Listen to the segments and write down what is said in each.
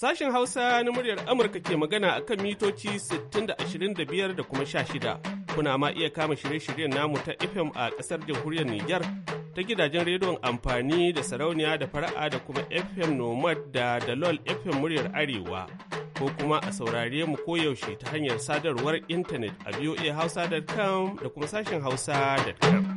Sashen Hausa na muryar Amurka ke magana a kan mitoci da da kuma sha shida, Kuna ma iya kama shirye-shiryen namu ta FM a ƙasar jamhuriyar Nijar ta gidajen rediyon amfani da sarauniya da fara'a da kuma FM Nomad da Dalol FM muryar Arewa. Ko kuma a saurare mu koyaushe ta hanyar sadarwar intanet a voahausa.com da kuma sashen hausa.com.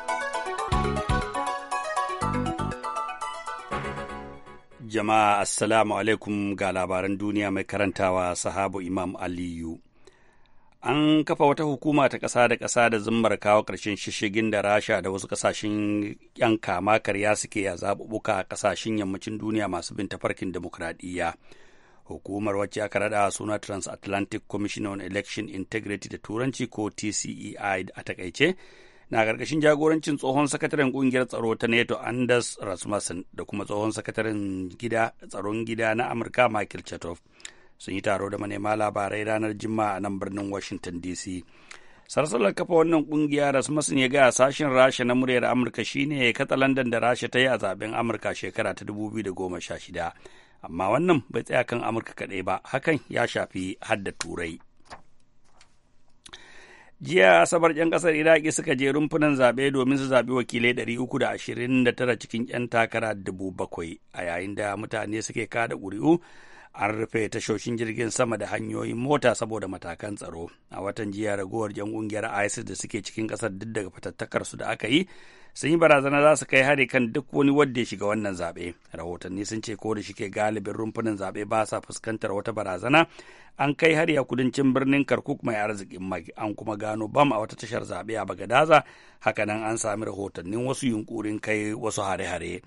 Jama'a Assalamu alaikum ga labaran duniya mai karantawa sahabu Imam Aliyu. An kafa wata hukuma ta ƙasa da ƙasa da zummar kawo ƙarshen shishigin da Rasha da wasu ƙasashen 'yan kama karya suke a zaɓuɓɓuka a ƙasashen yammacin duniya masu bin tafarkin dimokuraɗiyya. Hukumar wacce aka raɗa suna Transatlantic Commission on Election Integrity da Turanci ko TCEI a takaice na ƙarƙashin jagorancin tsohon sakataren ƙungiyar tsaro ta NATO Anders Rasmussen da kuma tsohon sakataren gida tsaron gida na Amurka Michael Chertoff sun yi taro da manema labarai ranar Juma'a a nan birnin Washington DC. sarsalar kafa wannan kungiya rasmussen ya gaya sashen rasha na muryar amurka shine ya katsa london da rasha ta yi a zaben amurka shekara ta 2016 amma wannan bai tsaya kan amurka kaɗai ba hakan ya shafi hadda turai jiya asabar 'yan kasar iraki suka je rumfunan zaɓe domin su zaɓi wakilai 329 cikin 'yan takara 7,000 a yayin da mutane suke kada ƙuri'u an rufe tashoshin jirgin sama da hanyoyin mota saboda matakan tsaro a watan jiya ragowar 'yan ƙungiyar isis da suke cikin ƙasar duk daga fatattakar su da aka yi sun yi barazana za su kai hari kan duk wani wadda ya shiga wannan zaɓe rahotanni sun ce ko da shike galibin rumfunan zaɓe ba sa fuskantar wata barazana an kai hari a kudancin birnin karkuk mai arzikin mai an kuma gano bam a wata tashar zaɓe a bagadaza hakanan an sami rahotannin wasu yunkurin kai wasu hare-hare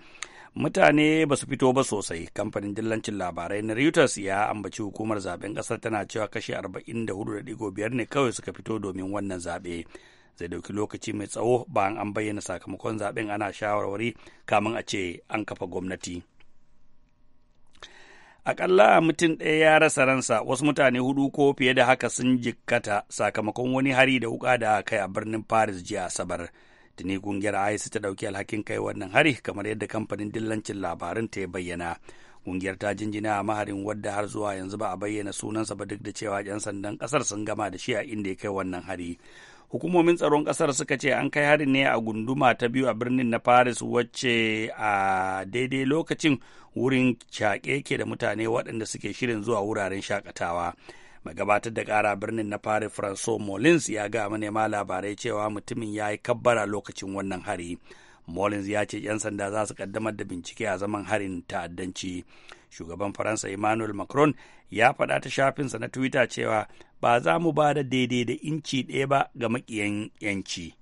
mutane ba su fito ba sosai kamfanin dillancin labarai na reuters ya ambaci hukumar zaɓen ƙasar tana cewa kashi 44.5 ne kawai suka fito domin wannan zaɓe zai dauki lokaci mai tsawo bayan an bayyana sakamakon zaben ana shawarwari kamun a ce an kafa gwamnati. Akalla mutum ɗaya ya rasa ransa wasu mutane hudu ko fiye da haka sun jikkata sakamakon wani hari da wuka da kai a birnin Paris jiya Asabar. Tuni kungiyar isis ta ɗauki alhakin kai wannan hari kamar yadda kamfanin dillancin labarin ta ya bayyana. kungiyar ta jinjina a maharin wadda har zuwa yanzu ba a bayyana sunansa ba duk da cewa 'yan sandan kasar sun gama da shi a inda ya kai wannan hari hukumomin tsaron kasar suka ce an kai harin ne a gunduma ta biyu a birnin na paris wacce a daidai lokacin wurin shaƙe ke da mutane waɗanda suke shirin zuwa wuraren shakatawa mai gabatar da ƙara birnin na paris François molins ya ga manema labarai cewa mutumin ya yi kabbara lokacin wannan hari molins ya ce 'yan sanda za su kaddamar da bincike a zaman harin ta'addanci. Shugaban Faransa Emmanuel Macron ya faɗa ta shafinsa na Twitter cewa ba za mu ba da daidai da inci ɗaya ba ga maƙiyan yanci.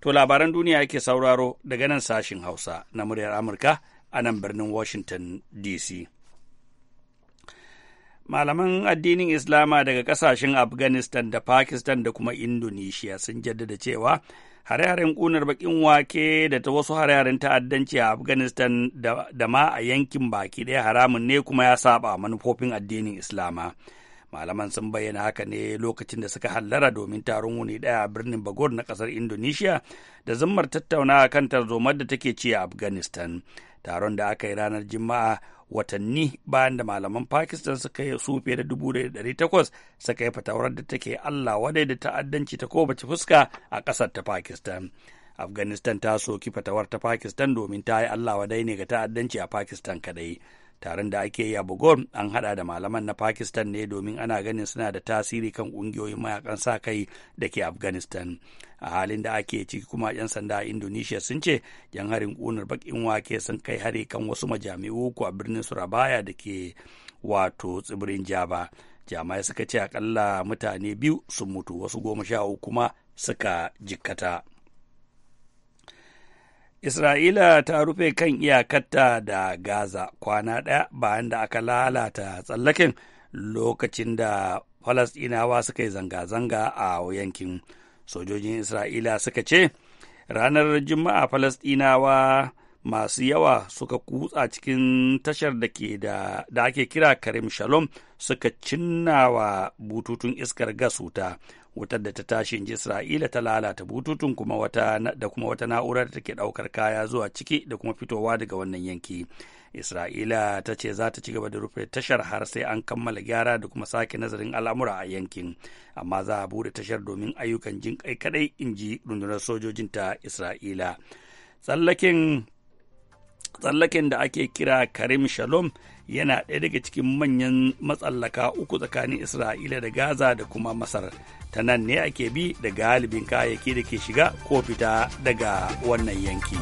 To labaran duniya yake sauraro daga nan sashin Hausa na muryar Amurka a nan birnin Washington DC. Malaman addinin Islama daga ƙasashen Afghanistan da Pakistan da kuma Indonesia sun jaddada cewa hare-haren ƙunar baƙin wake da ta wasu hare-haren ta'addanci a Afghanistan da ma a yankin baki ɗaya haramun ne kuma ya saba manufofin addinin Islama. malaman sun bayyana haka ne lokacin da suka hallara domin taron wuni daya a birnin bagor na kasar indonesia da zammar tattauna kan tarzomar da take ci a afghanistan taron da aka yi ranar juma'a watanni bayan da malaman pakistan suka yi su fiye da dubu da takwas suka yi fatawar da take allah wadai da ta'addanci ta kobace fuska a ƙasar ta pakistan afghanistan ta soki fatawar ta pakistan domin ta yi allah wadai ne ga ta'addanci a pakistan kadai taron da ake yi a bugon an hada da malaman na pakistan ne domin ana ganin suna da tasiri kan kungiyoyin mayakan sa kai da ke afghanistan a halin da ake ciki kuma 'yan sanda a indonesia sun ce yan harin kunar bakin wake sun kai hari kan wasu majami'u ko a birnin surabaya da ke wato tsibirin jaba. Jama'i suka ce akalla mutane biyu sun mutu wasu goma sha uku kuma suka jikkata Isra'ila ta rufe kan iyakarta da Gaza kwana ɗaya bayan da aka lalata tsallaken lokacin da Falasɗinawa suka yi zanga-zanga a yankin. Sojojin Isra'ila suka ce, ranar Juma'a Falasɗinawa masu yawa suka kutsa cikin tashar da ke da ake kira Karim Shalom suka cinna wa bututun iskar gas wuta. wutar da ta tashi in isra'ila ta lalata bututun kuma wata da kuma wata na'urar da take daukar kaya zuwa ciki da kuma fitowa daga wannan yanki isra'ila ta ce za ta ci gaba da rufe tashar har sai an kammala gyara da kuma sake nazarin al'amura a yankin amma za a bude tashar domin ayyukan jin kai kadai in ji rundunar sojojin ta isra'ila tsallakin tsallaken da ake kira karim shalom yana ɗaya daga cikin manyan matsallaka uku tsakanin isra'ila da gaza da kuma masar ta nan ne ake bi da galibin kayayyaki da ke shiga ko fita daga wannan yanki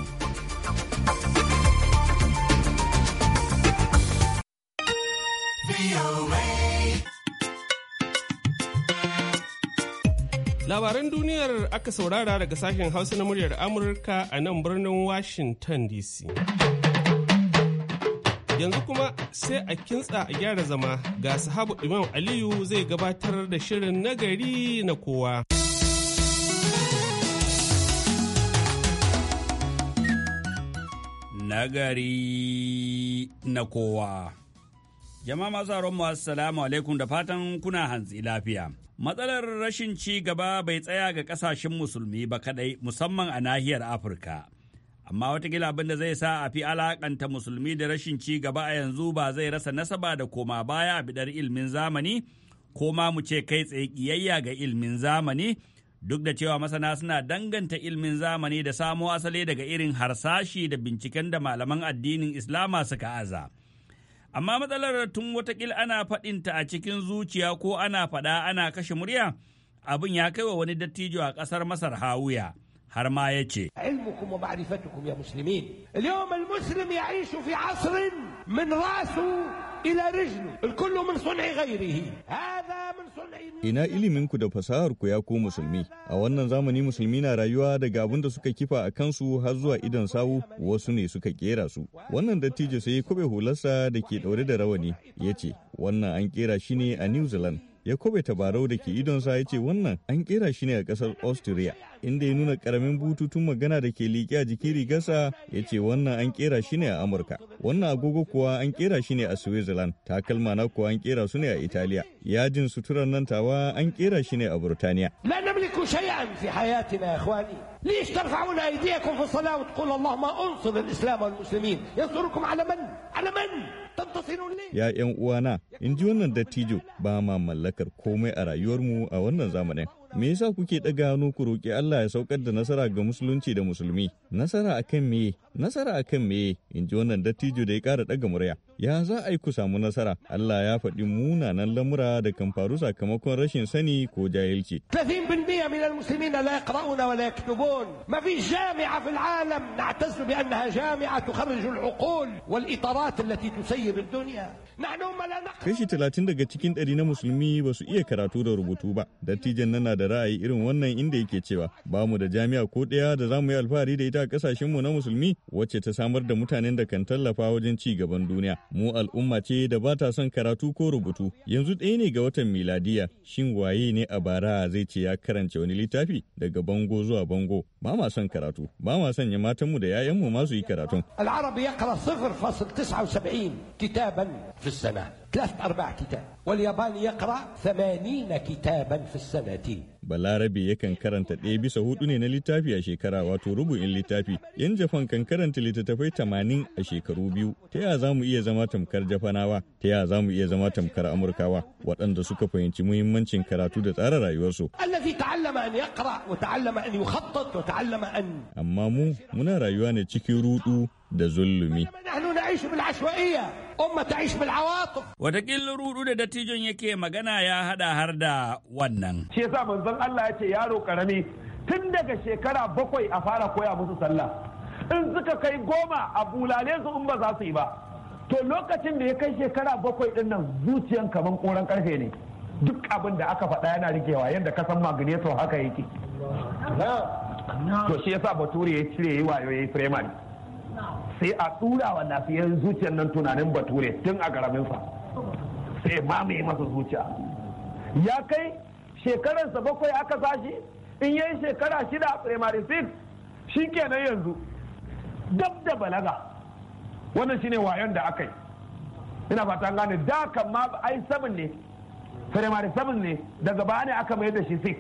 labaran duniyar aka saurara daga sashen hausa na muryar amurka a nan birnin washington dc Yanzu kuma sai a kintsa a gyara zama ga sahabu Imam Aliyu zai gabatar da shirin nagari na kowa. Nagari na kowa. Jama'a masu mu assalamu alaikum da fatan kuna hantsi lafiya. Matsalar rashin ci gaba bai tsaya ga kasashen musulmi ba kadai musamman a nahiyar Afirka. amma watakila abin da zai sa a fi alakanta musulmi da rashin ci gaba a yanzu ba zai rasa nasaba da koma baya a bidar ilmin zamani ko ma mu ce kai tsaye kiyayya ga ilmin zamani duk da cewa masana suna danganta ilmin zamani da samo asali daga irin harsashi da binciken da malaman addinin islama suka aza amma matsalar tun watakila ana faɗinta a cikin zuciya ko ana faɗa ana kashe murya abin ya kai wa wani dattijo a ƙasar masar hawuya. har ma ya ce علمكم ومعرفتكم يا مسلمين اليوم المسلم يعيش ina iliminku da fasahar ya ku musulmi a wannan zamani musulmi na rayuwa daga abin da suka kifa a kansu har zuwa idan sawu wasu ne suka kera su wannan dattijo sai kuɓe kube hularsa da ke daure da rawani ya ce wannan an kera shi ne a New Zealand ya kobe tabarau da ke idonsa ya ce wannan an kera shi ne a kasar austria inda ya nuna karamin bututun magana da ke liƙe a jikin rigarsa ya ce wannan an kera shi ne a amurka wannan agogo kuwa an kera shi ne a switzerland takalma na kuwa an kera su ne a italiya yajin suturar nan tawa an kera shi ne a burtaniya la namliku shay'an fi hayatina ya ليش ترفعون ايديكم في الصلاه وتقول اللهم انصر الاسلام والمسلمين ينصركم على من على من Ya ‘yan uwana, in ji wannan dattijo ba ma mallakar komai a rayuwarmu a wannan zamanin. Me yasa kuke ɗaga hannu ku roƙi Allah ya saukar da nasara ga musulunci da musulmi? Nasara akan me? Nasara akan me? In ji wannan dattijo da ya ƙara ɗaga murya. Ya za a yi ku samu nasara? Allah ya faɗi munanan lamura da kan faru sakamakon rashin sani ko jahilci. 30% من المسلمين لا يقرؤون ولا jami'a fil alam جامعة في العالم نعتز بأنها جامعة تخرج العقول والإطارات التي تسيب الدنيا. نحن ما لا نقرأ. kashi talatin daga cikin ɗari na musulmi ba su iya karatu da rubutu ba. Dattijan nan na da ra'ayi irin wannan inda yake cewa ba mu da jami'a ko ɗaya da za mu yi alfahari da ita a kasashen mu na musulmi wacce ta samar da mutanen da kan tallafa wajen ci gaban duniya mu al'umma ce da ba ta son karatu ko rubutu yanzu ɗaya ne ga watan miladiya shin waye ne a bara zai ce ya karance wani littafi daga bango zuwa bango ba ma son karatu ba ma son ya matanmu da 'ya'yanmu ma su yi karatun العربي يقرا صفر فاصل وسبعين كتابا في السنه ثلاث ارباع كتاب والياباني يقرا ثمانين كتابا في السنه balarabe yakan karanta ɗaya bisa hudu ne na littafi a shekara wato rubu'in littafi yan japan kan karanta littattafai tamanin a shekaru biyu ta yaya za mu iya zama tamkar japanawa ta yaya za mu iya zama tamkar amurkawa waɗanda suka fahimci muhimmancin karatu da tsara rayuwarsu amma mu muna rayuwa ne cikin rudu da zulumi تعيش بالعشوائية أمة تعيش بالعواطف وتقل رودو da dattijon yake magana ya هدا har da wannan shi yasa manzon Allah ya ce yaro karami tun daga shekara bakwai a fara koya musu sallah in suka kai goma a bulale in ba su yi ba to lokacin da ya kai shekara bakwai din nan zuciyan kaman koran karfe ne duk abin da aka faɗa yana rikewa yadda ka san magneto haka yake to shi yasa bature ya cire yi wayo ya yi primary sai a tura wa lafiyar zuciyar nan tunanin bature tun a garaminsa sai mamaye masa zuciya ya kai shekararsa bakwai aka sashi in yayi shekara shida a primary six shi kenan yanzu dab da balaga wannan shine wayon da aka yi ina fatan gane da kan ma ai seven ne primary seven ne daga baya ne aka mai da shi six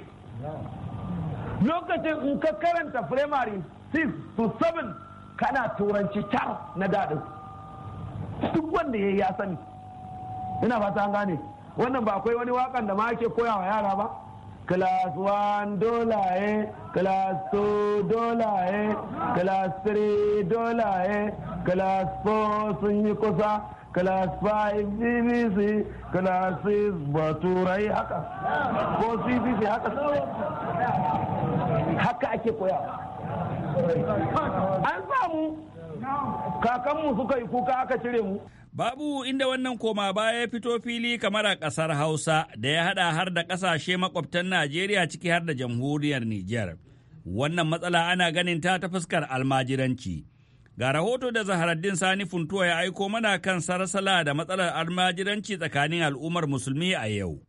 lokacin in ka karanta primary six to seven kana turanci tar na daɗin duk wanda ya yi ya sani ina fata an gane wannan ba akwai wani wakan da ma ake koya wa yara ba class 1 dola eh class 2 dola eh class 3 dola eh class 4 sun yi kusa class 5 bbc class 6 baturai haka ko cbc haka haka ake koya an mu kakanmu suka yi kuka aka cire mu Babu inda wannan koma baya fito fili kamar a ƙasar Hausa da ya haɗa har da ƙasashe makwabtan Najeriya ciki har da jamhuriyar Nijar. Wannan matsala ana ganin ta ta fuskar almajiranci. Ga rahoto da Zaharaddin Sani Funtuwa ya aiko mana kan sarasala da matsalar almajiranci tsakanin al'ummar musulmi a yau.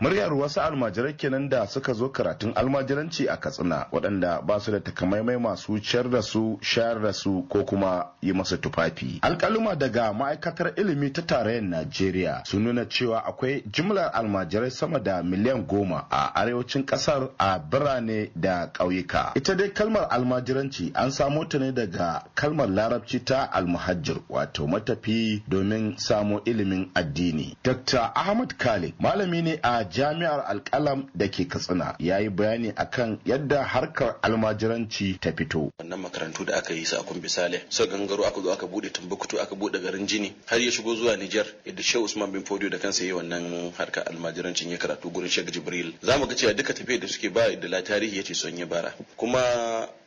muryar wasu almajirai kenan da suka zo karatun almajiranci a katsina waɗanda ba su da takamaimai masu ciyar da su shayar da su ko kuma yi masa tufafi Alƙaluma daga ma'aikatar ilimi ta tarayyar najeriya sun nuna cewa akwai jimlar almajirai sama da miliyan goma a arewacin ƙasar a birane da ƙauyuka ita dai kalmar almajiranci an samo ta ne daga kalmar larabci ta almuhajir wato matafi domin samo ilimin addini dr ahmad kale malami ne a jami'ar alkalam da ke katsina ya yi bayani akan yadda harkar almajiranci ta fito wannan makarantu da aka yi su a kumbi sale Sau gangaro aka zo aka bude tumbuktu aka bude garin jini har ya shigo zuwa nijar yadda shehu usman bin fodio da kansa yi wannan harkar almajirancin ya karatu gurin shek jibril za mu ga cewa duka tafiyar da suke ba da la tarihi ya ce son yi bara kuma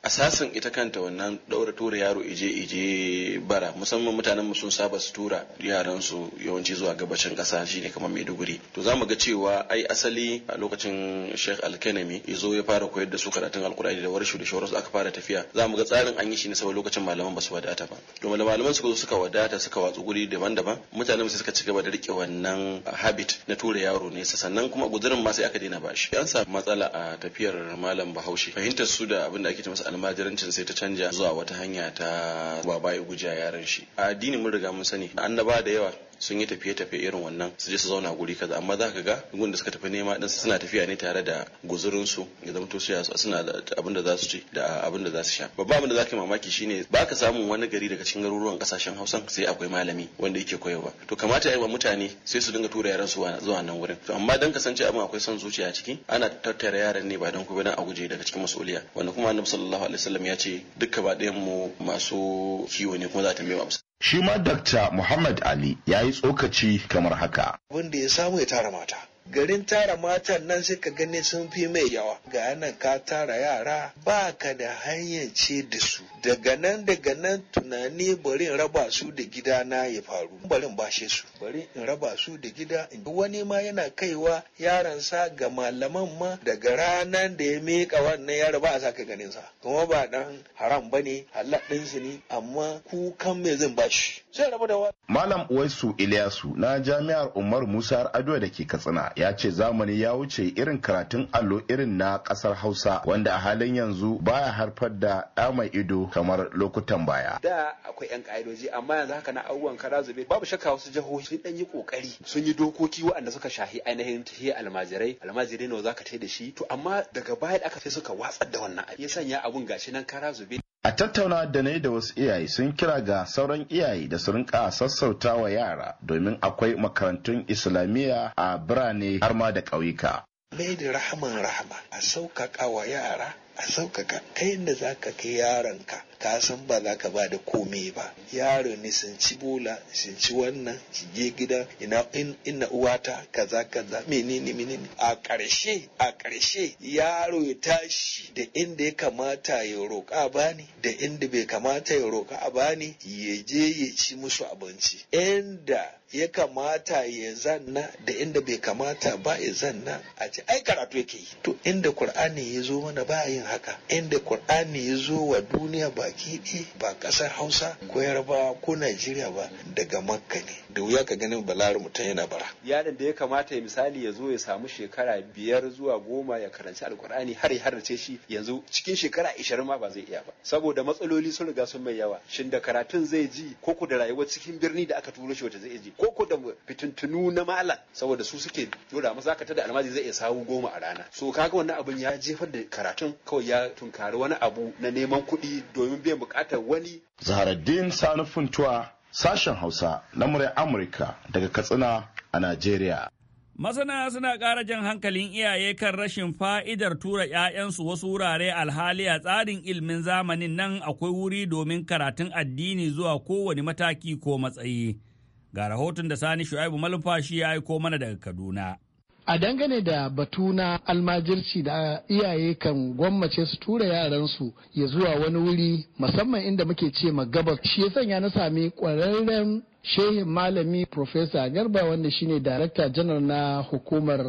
asasin ita kanta wannan daura tura yaro ije ije bara musamman mutanen mu sun saba su tura yaran su yawanci zuwa gabashin kasa shine kamar maiduguri to za mu ga cewa ai asali a lokacin Sheikh ya yazo ya fara koyar da su karatun Alkur'ani da warshu da shauransu aka fara tafiya za mu ga tsarin an yi shi ne saboda lokacin malaman ba su wadata ba to malaman suka zo suka wadata suka watsu guri daban-daban mutanen su suka ci gaba da rike wannan habit na tura yaro ne sannan kuma gudurin ma sai aka daina bashi an samu matsala a tafiyar malam Bahaushe fahimtar su da abin da ake ce masa almajirancin sai ta canja zuwa wata hanya ta baba ya guja yaran shi a addini mun riga mun sani annaba da yawa sun yi tafiye-tafiye irin wannan su je su zauna guri kaza amma za ka ga gun da suka tafi nema din suna tafiya ne tare da guzurin su ya zama tosiya suna da abin da za su ci da abin da za su sha babban abin da za ka yi mamaki shine ba ka samun wani gari daga cikin garuruwan kasashen hausan sai akwai malami wanda yake koyarwa to kamata ya yi wa mutane sai su dinga tura yaran su zuwa nan wurin to amma dan kasance abin akwai son zuciya a ciki ana tattara yaran ne ba don kuma dan a guje daga cikin masuliya wanda kuma annabi sallallahu alaihi wasallam ya ce dukka ba mu masu kiwo ne kuma za ta mai Shi ma Dr. Muhammad Ali ya yi tsokaci kamar haka. Abin da ya samu ya tara mata. garin tara matan nan sai ka gani sun fi mai yawa ga nan ka tara yara ba ka da hanyar ce da su daga nan daga nan tunani bari in raba su da gida na ya faru bari in bashe su bari in raba su da gida wani ma yana kaiwa yaransa ga malaman ma daga ranar da ya miƙa wannan yaro ba a sa ka ganin sa kuma ba dan haram bane halal su ne amma kukan me zan bashi da wani. Malam Uwaisu Ilyasu na jami'ar Umar Musa Ado da ke Katsina ya ce zamani ya wuce irin karatun allo irin na kasar Hausa wanda a halin yanzu baya harfar da ɗa mai ido kamar lokutan baya. Da akwai 'yan ƙa'idoji amma yanzu haka na abubuwan kara zube babu shakka wasu jihohi sun ɗan yi ƙoƙari sun yi dokoki waɗanda suka shahi ainihin tafiye almajirai almajirai nawa ka tai da shi to amma daga baya aka sai suka watsar da wannan abin ya sanya abun gashi nan kara zube A tattauna da na da wasu iyaye sun kira ga sauran iyaye da su rinka sassauta wa yara domin akwai makarantun Islamiyya a birane har ma da ƙauyuka. Mai da rahaman rahama a sauƙaƙa wa yara a sauƙaƙa kai yadda za ka kai yaronka ka san ba za ka ba da komai ba yaro ne sun ci bola sun ci wannan ki je gida ina ina uwata kaza kaza menene menene a ƙarshe a ƙarshe yaro ya tashi da inda ya kamata ya roƙa a bani da inda bai kamata ya roƙa a bani ya je ya ci musu abinci inda ya kamata ya zanna da inda bai kamata ba ya zanna a ce ai karatu yake yi to inda qur'ani ya zo mana ba yin haka inda qur'ani ya zo wa duniya baki ɗi ba ƙasar hausa ko yarbawa ko najeriya ba daga makka ne da wuya ka ganin balar mutum yana bara yaron da ya kamata ya misali ya zo ya samu shekara biyar zuwa goma ya karanci alkur'ani har ya harnace shi yanzu cikin shekara ishirin ma ba zai iya ba saboda matsaloli sun riga sun mai yawa shin da karatun zai ji ko da rayuwar cikin birni da aka turo shi wata zai ji ko ko da fitintunu na malam saboda su suke dora masa ka da almaji zai iya sawu goma a rana so kaga wannan abin ya jefar da karatun kawai ya tunkari wani abu na neman kuɗi domin biyan buƙatar wani zaharaddin sanufin Sashen Hausa na muryar Amurka daga Katsina a Najeriya. Masana suna ƙara jan hankalin iyaye kan rashin fa'idar tura ‘ya'yansu wasu wurare alhali a tsarin ilimin zamanin nan akwai wuri domin karatun addini zuwa kowane mataki ko matsayi. Ga rahoton da Sani Shu'aibu Malumfashi ya aiko mana daga Kaduna. a dangane da batu na almajirci da iyaye kan gwammace su tura yaransu ya zuwa wani wuri musamman inda muke ce gabas shi ya sanya na sami ƙwararren shehin malami profesa garba wanda shine darakta janar na hukumar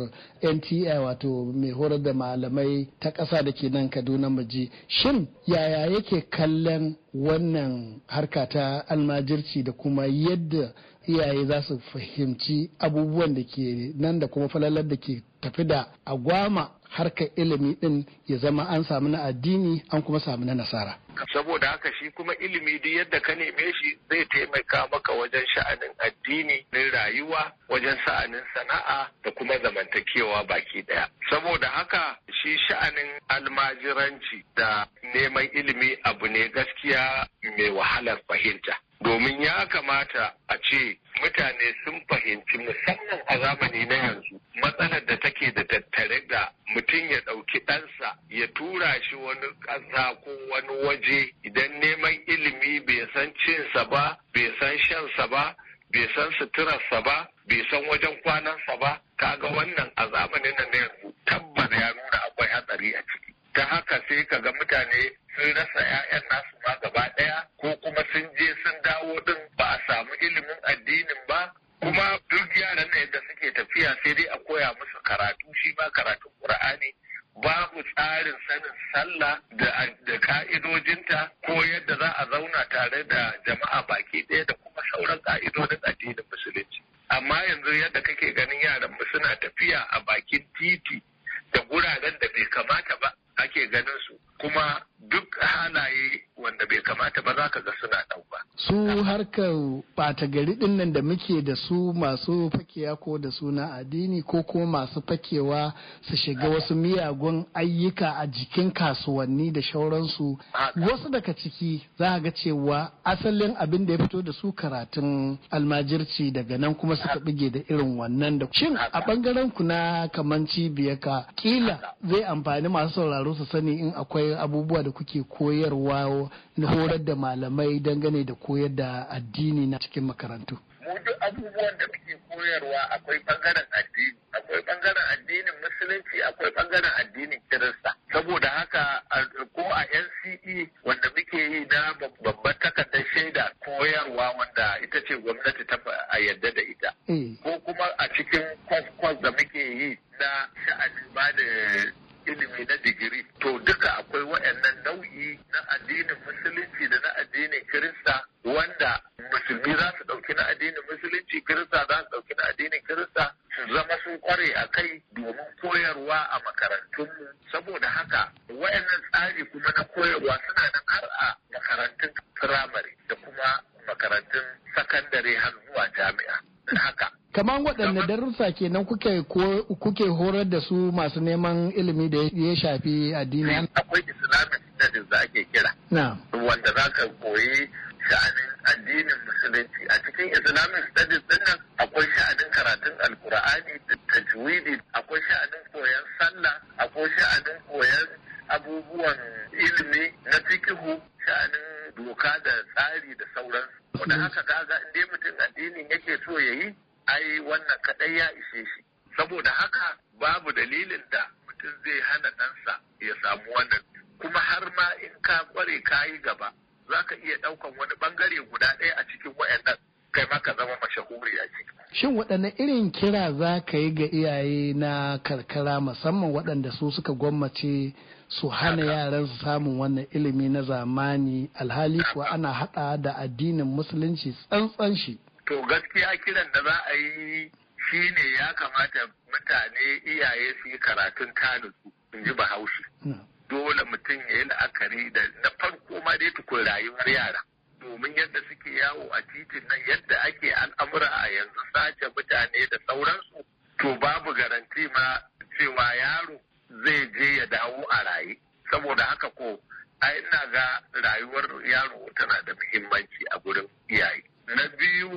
nti wato mai horar da malamai ta ƙasa da ke nan kaduna maji shin yaya yake kallon wannan harka ta almajirci da kuma yadda iyaye za su fahimci abubuwan da ke nan da kuma falalar da ke tafi da agwama harkar ilimi din ya zama an samu na addini an kuma samu na nasara saboda haka shi kuma ilimi duk yadda ka neme shi zai taimaka maka wajen sha'anin addini na rayuwa wajen sha'anin sana'a da kuma zamantakewa baki daya saboda haka shi sha'anin almajiranci da neman ilimi abu ne gaskiya mai wahalar fahimta domin ya kamata a ce mutane sun fahimci musamman a zamani na yanzu matsalar da take da tattare da mutum ya ɗauki ɗansa ya tura shi wani ƙasa ko wani waje idan neman ilimi bai san cinsa ba bai san shansa ba bai san suturarsa ba bai san wajen kwanansa ba kaga wannan a zamanin nan na yanzu tabbas ya nuna akwai hatsari a ciki ta haka sai ka ga mutane sun rasa 'ya'yan nasu ma gaba ɗaya ko kuma sun je sun dawo ɗin ba a samu ilimin addinin ba kuma duk yaran na yadda suke tafiya sai dai a koya musu karatu shi ma karatun qur'ani babu tsarin sanin sallah da ka'idojinta ko yadda za a zauna tare da jama'a baki ɗaya da kuma sauran ka'idodin addinin musulunci amma yanzu yadda kake ganin yaran mu suna tafiya a bakin titi da guraren da bai kamata ba ake ganin su kuma duk halaye wanda bai kamata ba za ka ga suna ɗau ba. Su harkar ɓata gari ɗin nan da muke da su masu fakewa ko da suna addini ko kuma masu fakewa su shiga wasu miyagun ayyuka a jikin kasuwanni da shauransu. Wasu daga ciki za ga cewa asalin abin da ya fito da su karatun almajirci daga nan kuma suka bige da irin wannan da shin a ɓangaren ku na kaman cibiyaka kila zai amfani masu sauraro su sani in akwai irin abubuwa da kuke koyarwa na horar da malamai dangane da koyar da addini na cikin makarantu? Mu duk abubuwan da muke koyarwa akwai bangaren addini, akwai bangaren addinin musulunci, akwai bangaren addinin kirista. Saboda haka ko a NCE wanda muke yi na babban takardar shaida koyarwa wanda ita ce gwamnati ta a yadda da ita. Eh. Ko kuma a cikin kwas-kwas da muke yi na sha'anin ba da ilimi na digiri to duka akwai waɗannan nau'i na addinin musulunci da na addinin kirista wanda musulmi za su ɗauki na addinin musulunci kirista za su ɗauki na addinin kirista su zama sun kware a kai domin koyarwa a makarantunmu saboda haka waɗannan tsari kuma na koyarwa suna nan har a kamar waɗanne darussa kenan kuke kuke horar da su masu neman ilimi da ya shafi addini akwai islamic studies da ake kira wanda za ka koyi sha'anin addinin musulunci a cikin islamic studies din nan akwai sha'anin karatun alkur'ani da tajwidi akwai sha'anin koyon sallah akwai sha'anin koyon abubuwan ilimi na fikihu sha'anin doka da tsari da sauransu. Wadda haka kaga in dai mutum addinin yake so ya yi wannan kaɗai ya ishe shi saboda haka babu dalilin da mutum zai hana ɗansa ya samu wannan kuma har ma in ka kware ka yi gaba za ka iya ɗaukan wani ɓangare guda ɗaya a cikin wayannan kai ma ka zama mashahuri a ciki. Shin waɗanne irin kira za ka yi ga iyaye na karkara musamman waɗanda su suka gwammace su hana yaran su samun wannan ilimi na zamani alhali kuwa ana haɗa da addinin musulunci tsantsan shi. to gaskiya kiran da za a yi shi ne ya kamata mutane iyaye su yi karatun tanutsu in ji bahaushe hmm. dole mutum ya yi la'akari da na farko ma dai tukun rayuwar yara domin yadda suke yawo a titin nan yadda ake al'amura a yanzu sace mutane da sauransu to babu garanti ma cewa yaro zai je ya dawo a raye saboda haka ko ai ina ga rayuwar yaro tana da muhimmanci a gurin iyaye na biyu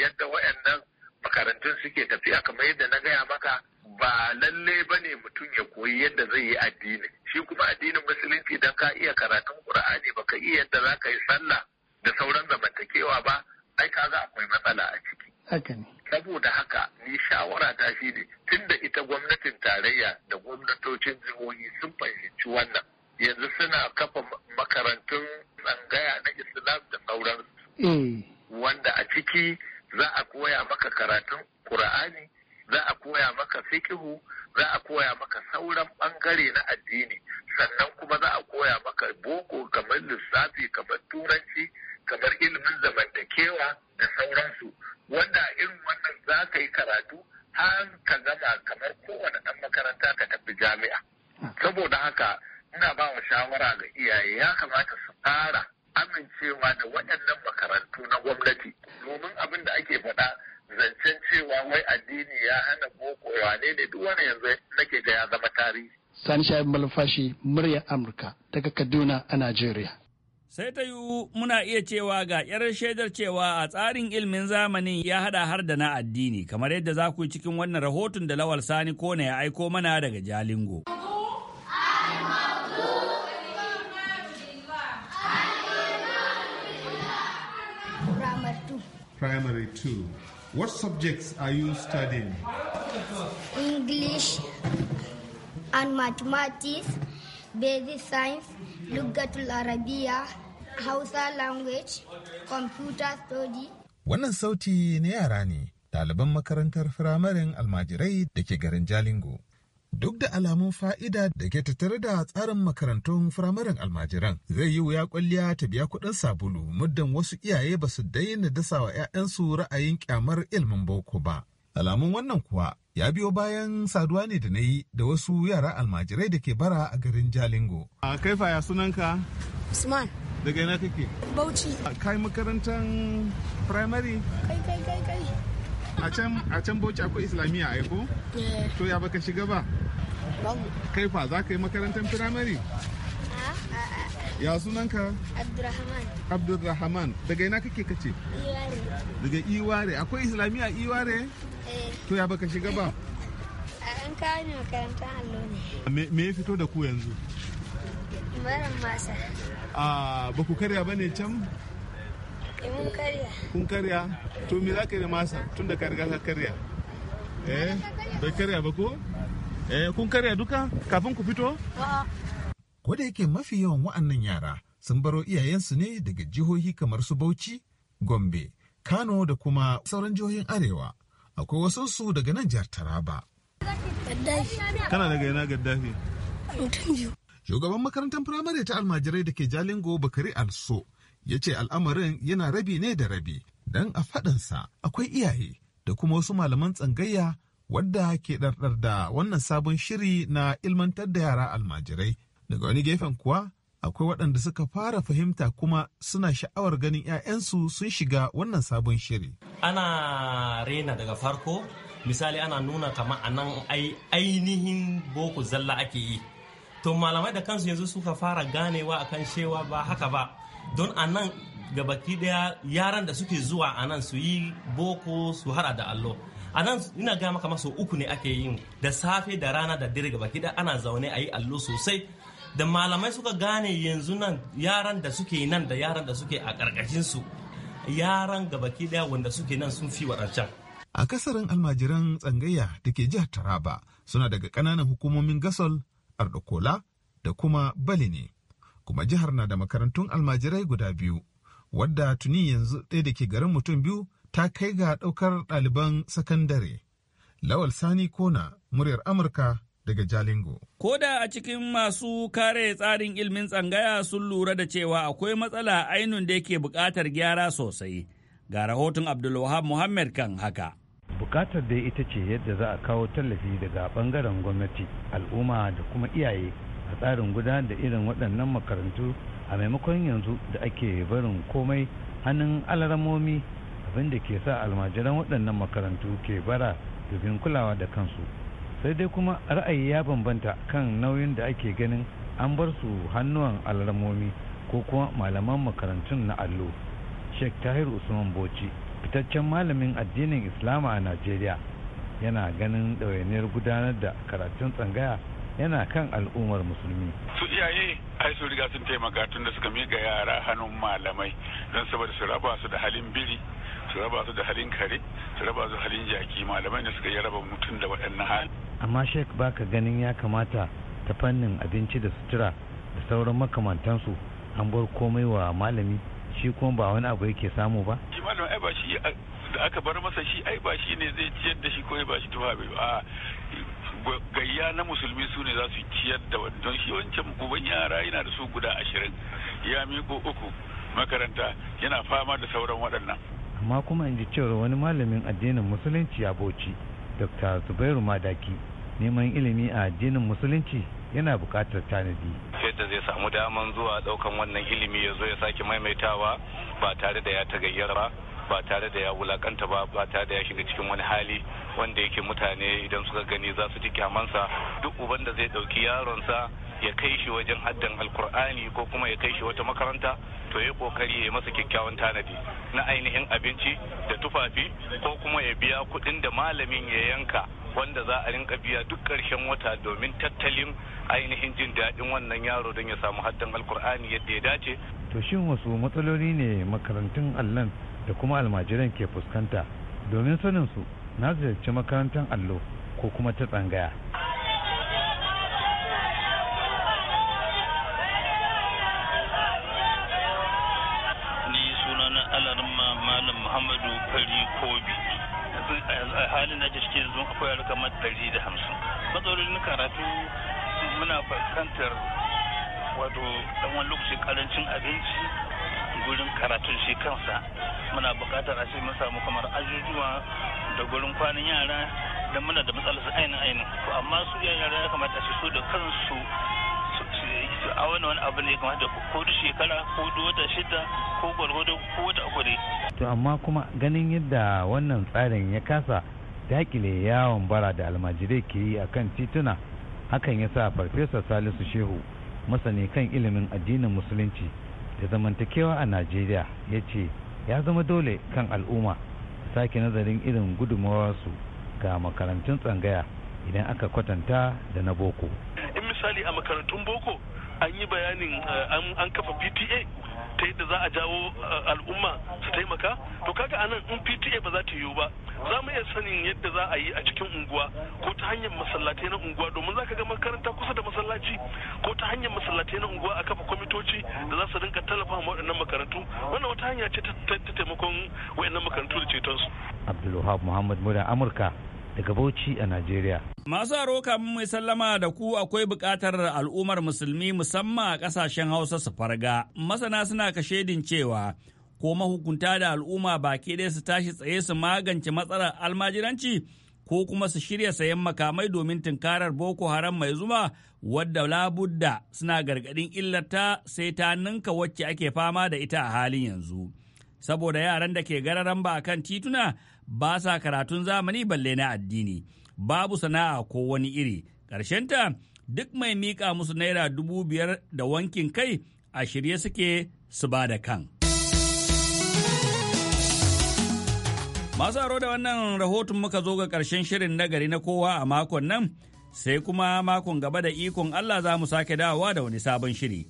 yadda wayannan makarantun suke tafiya kamar yadda na gaya maka ba lalle ba ne mutum ya koyi yadda zai yi addini shi kuma addinin musulunci don ka iya karatun qur'ani ka iya yadda za ka yi sallah da sauran zamantakewa ba ai kaga akwai matsala a ciki saboda haka ni shawara ta shi ne tunda ita gwamnatin tarayya da gwamnatocin jihohi sun fahimci wannan yanzu suna kafa makarantun tsangaya na islam da sauransu eh. wanda a ciki za a koya maka karatun Kur'ani, za a koya maka fikihu, za a koya maka sauran ɓangare na addini, sannan kuma za a koya maka boko kamar lissafi, kamar turanci, kamar ilimin zamantakewa da sauransu. Wanda irin wannan za ka yi karatu har ka gama kamar kowane ɗan makaranta ka tafi jami'a. Hmm. Saboda haka ina ba wa shawara ga iyaye ya kamata su fara amincewa da waɗannan makarantu na gwamnati domin abin da ake faɗa zancen cewa wai addini ya hana boko wane ne duk wani yanzu nake ga ya zama tarihi. Sani Shahib Malfashi murya Amurka daga Kaduna a Najeriya. Sai ta yiwu muna iya cewa ga ‘yar shaidar cewa a tsarin ilimin zamanin ya hada har da na addini kamar yadda za ku yi cikin wannan rahoton da Lawal Sani Kona ya aiko mana daga Jalingo. primary two. What subjects are you studying? English and mathematics, basic science, Lugatul arabia Hausa language, computer study. Wannan sauti na yara ne, ɗaliban makarantar firamarin almajirai da ke garin Jalingo. duk da alamun fa'ida da ke tattare da tsarin makarantun firamaren almajiran zai yi wuya kwalliya ta biya kuɗin sabulu muddin wasu iyaye ba su daina dasa wa 'ya'yansu ra'ayin kyamar ilmin boko ba alamun wannan kuwa ya biyo bayan saduwa ne da na yi da wasu yara almajirai da ke bara a garin jalingo a kai faya sunanka usman daga ina kake bauchi kai makarantar primary kai kai kai kai a can a can bauchi akwai islamiyya a ko eh. to ya baka shiga ba kai fa za ka yi makarantar firamare ah, ah, ah. ya sunanka abdurrahman abdurrahman daga ina kake kace daga iware akwai islamiyya iware eh. to ya baka shiga ba an kawo ni makarantar allo ne me ya fito da ku yanzu maran masa a ba ku karya ba ne can Mun karya. Kun karya? To me za ka yi da masa tun da ka riga ka karya? Eh, bai karya ba ko? Eh, kun karya duka kafin ku fito? Ko da yake mafi yawan wa'annan yara sun baro iyayensu ne daga jihohi kamar su Bauchi, Gombe, Kano da kuma sauran jihohin Arewa. Akwai su daga nan jihar Taraba. Kana daga yana Gaddafi? Shugaban makarantar firamare ta almajirai da ke Jalingo Bakari Also ya ce al'amarin yana rabi ne da rabi don a faɗinsa akwai iyaye da kuma wasu malaman tsangayya wadda ke ɗarɗar da wannan sabon shiri na ilmantar da yara almajirai daga wani gefen kuwa akwai waɗanda suka fara fahimta kuma suna sha'awar ganin 'ya'yansu sun shiga wannan sabon shiri. Ana rena daga farko, misali ana nuna kama a nan ainihin boko zalla ake yi. To malamai da kansu yanzu suka fara ganewa a kan cewa ba haka ba. don a nan gabaki daya yaran da suke zuwa a nan su yi boko su hada da allo a nan ina gaya maka maso uku ne ake yin da safe da rana da dare gabaki daya ana zaune a yi allo sosai da malamai suka gane yanzu nan yaran da suke nan da yaran da suke a karkashin su yaran gabaki daya wanda suke nan sun fi a kasarin almajiran tsangayya da ke jihar taraba suna daga ƙananan hukumomin gasol ardokola da kuma baline kuma jihar na da makarantun almajirai guda biyu wadda tuni yanzu ɗaya da ke garin mutum biyu ta kai ga ɗaukar ɗaliban sakandare. Lawal Sani Kona, muryar Amurka daga Jalingo. ko da a cikin masu kare tsarin ilmin tsangaya sun lura da cewa akwai matsala ainun da yake buƙatar gyara sosai. Ga rahoton Abdulwahab Muhammad kan haka. Bukatar da ita ce yadda za a kawo tallafi daga ɓangaren gwamnati, al'umma da kuma iyaye a tsarin guda da irin waɗannan makarantu a maimakon yanzu da ake barin komai hannun alaramomi abin da ke sa almajiran waɗannan makarantu ke bara domin kulawa da kansu sai dai kuma ra'ayi ya bambanta kan nauyin da ake ganin an bar su hannuwan alaramomi ko kuma malaman makarantun na allo sheikh tahir usman bauchi fitaccen malamin addinin islama a najeriya yana ganin ɗawainiyar gudanar da karatun tsangaya yana kan al'ummar musulmi. Su iyaye ai su riga sun taimaka tun da suka miƙa yara hannun malamai don saboda su raba su da halin biri su raba su da halin kare su raba su halin jaki malamai da suka yi raba mutum da waɗannan hali. Amma Sheikh baka ganin ya kamata ta fannin abinci da sutura da sauran makamantansu an bar komai wa malami shi kuma ba wani abu yake samu ba? Shi malam ai ba shi da aka bar masa shi ai ba shi ne zai ciyar da shi ko ba shi tufa a gayya na musulmi su ne za su ciyar da don shi wancan uban yara yana da su guda ashirin ya miko uku makaranta yana fama da sauran waɗannan amma kuma in ji cewar wani malamin addinin musulunci ya boci dr zubairu madaki neman ilimi a addinin musulunci yana buƙatar tanadi yadda zai samu daman zuwa ɗaukan wannan ilimi ya zo ya sake maimaitawa ba tare da ya ta ba ba tare da ya wulakanta ba ba tare da ya shiga cikin wani hali wanda yake mutane idan suka gani za su ji kyamansa duk uban da zai ɗauki sa ya kai shi wajen haddan alkur'ani ko kuma ya kai shi wata makaranta to ya kokari ya masa kyakkyawan tanadi na ainihin abinci da tufafi ko kuma ya biya kuɗin da malamin ya yanka wanda za a rinka biya duk ƙarshen wata domin tattalin ainihin jin daɗin wannan yaro don ya samu haddan alkur'ani yadda ya dace to shin wasu matsaloli ne makarantun allon. da kuma almajiran ke fuskanta domin sanin su na ziyarci makarantar allo ko kuma ta tsangaya ni sunana alarma malam muhammadu fari kobi a halin na ciki yanzu akwai yara kamar ɗari da hamsin matsalolin karatu muna fuskantar wato dan wani lokacin karancin abinci gurin karatun shi kansa muna buƙatar a ce mun samu kamar ajujuwa da gurin kwanan yara da muna da matsalar ainihin ainihin amma su yara ya kamata su da kansu su a wani wani abu ne kamata ko duk shekara ko duk wata shida ko gwargwado ko wata uku To amma kuma ganin yadda wannan tsarin ya kasa dakile yawon bara da almajirai ke yi a kan tituna hakan ya sa farfesa salisu shehu masani kan ilimin addinin musulunci da zamantakewa a najeriya ya ce ya zama dole kan al'umma sake nazarin irin su ga makarantun tsangaya idan aka kwatanta da na boko in misali a makarantun boko an yi bayanin eh, an kafa pta ta yadda za a jawo eh, al'umma su taimaka to kaga anan in pta ba za ta yiwu ba za mu iya sanin yadda za a yi a cikin unguwa ko ta hanyar masallatai na unguwa domin za ka ga makaranta kusa da masallaci ko ta hanyar masallatai na unguwa a kafa kwamitoci da za su rinka tallafa ma waɗannan makarantu wannan wata hanya ce ta taimakon waɗannan makarantu da cetonsu. Abdulwahab Muhammad Muda Amurka daga Bauchi a Najeriya. Masu aro kamun mai sallama da ku akwai buƙatar al'ummar musulmi musamman a ƙasashen Hausa su farga. Masana suna din cewa ko mahukunta da al'umma baki ɗaya su tashi tsaye su magance matsalar almajiranci ko kuma su shirya sayan makamai domin tunkarar Boko Haram mai zuma wadda labudda suna gargaɗin illarta sai ta ninka wacce ake fama da ita a halin yanzu. Saboda yaran da ke gararan ba kan tituna ba sa karatun zamani balle na addini babu sana'a ko wani iri ƙarshenta duk mai miƙa musu naira dubu biyar da wankin kai a shirye suke su ba da kan. Masu aro da wannan rahoton muka zo ga ƙarshen shirin nagari na kowa a makon nan sai kuma makon gaba da ikon Allah za mu sake dawowa da wani sabon shiri.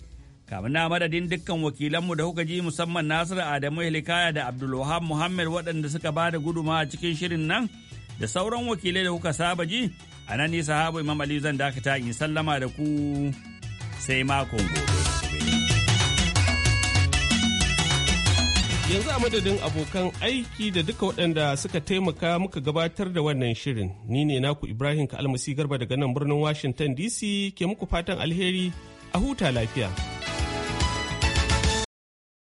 kamar na madadin dukkan wakilanmu da kuka ji musamman Nasiru Adamu Helikaya da Abdulwahab Muhammad waɗanda suka ba da guduma a cikin shirin nan da sauran wakilai da kuka saba ji a nan nisa habu Imam ali zan dakata in sallama da ku sai makon gobe. Yanzu a madadin abokan aiki da duka waɗanda suka taimaka muka gabatar da wannan shirin, ni ne naku Ibrahim ka almasi Garba daga nan birnin Washington DC ke muku fatan alheri a huta lafiya.